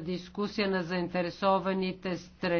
дискусия на заинтересованите страни.